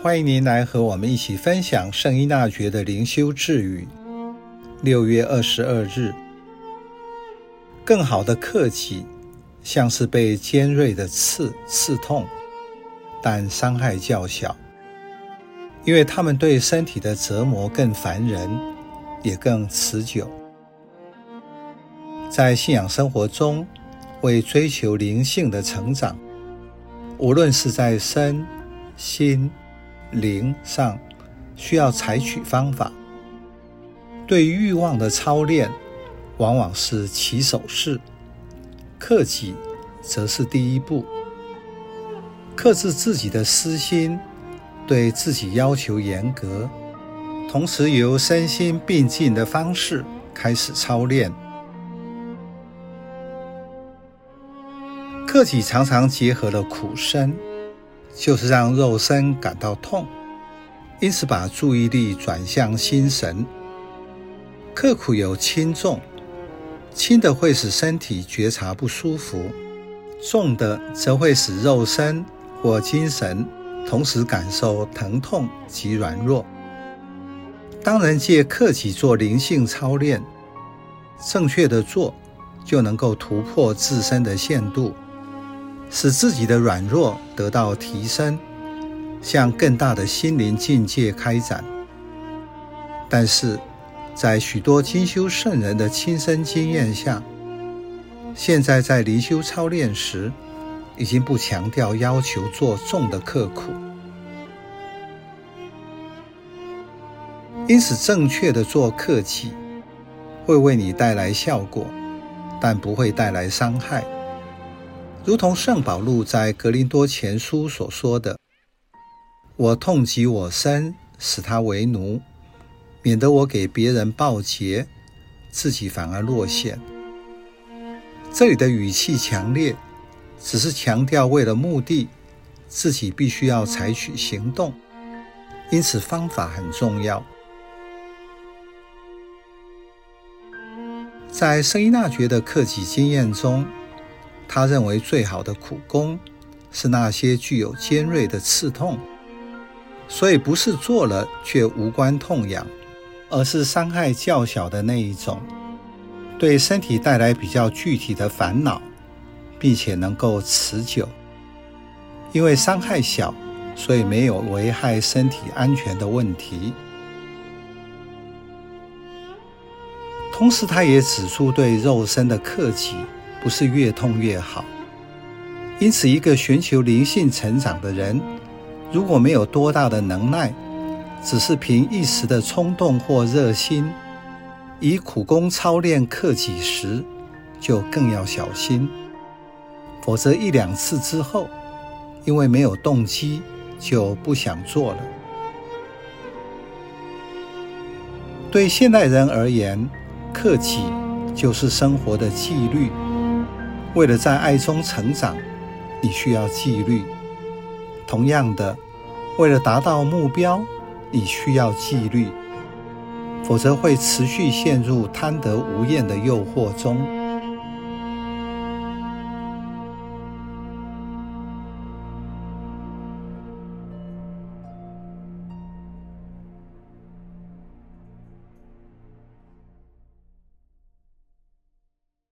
歡迎您來和我們一起分享聖依納爵的靈修智語。六月二十二日，更好的克己，像是被尖銳的刺刺痛，但傷害較小，因為它們對身體的折磨更煩人，也更持久。在信仰生活中，為追求靈性的成長，無論是在身心、靈上需要採取方法，對欲望的操練往往是起手式，克己則是第一步。克製自己的私心，對自己要求嚴格，同時由身心並進的方式開始操練。克己常常結合了苦身。就是讓肉身感到痛，因此把注意力轉向心神。克苦有輕重，輕的會使身體覺察不舒服，重的則會使肉身或精神同時感受疼痛及軟弱。當人借克己做靈性操練，正確的做，就能夠突破自身的限度。使自己的軟弱得到提升，向更大的心靈境界開展。但是，在許多精修聖人的親身經驗下，現在在靈修操練時，已經不強調要求做重的克苦。因此，正確的做克己，會為你帶來效果，但不會帶來傷害。如同聖保祿在《格林多前書》所說的：“我痛擊我身，使他為奴，免得我給別人報捷，自己反而落選。”這裡的語氣強烈，只是強調為了目的，自己必須要採取行動。因此，方法很重要。在聖依納爵的克己經驗中。他認為最好的苦工是那些具有尖銳的刺痛，所以不是做了卻無關痛癢，而是傷害較小的那一種，對身體帶來比較具體的煩惱，並且能夠持久。因為傷害小，所以沒有危害身體安全的問題。同時，他也指出對肉身的克己。不是越痛越好，因此，一個尋求靈性成長的人，如果沒有多大的能耐，只是憑一時的衝動或熱心，以苦工操練克己時，就更要小心，否則一兩次之後，因為沒有動機，就不想做了。對現代人而言，克己就是生活的紀律。為了在愛中成長，你需要紀律。同樣的，為了達到目標，你需要紀律，否則會持續陷入貪得無厭的誘惑中。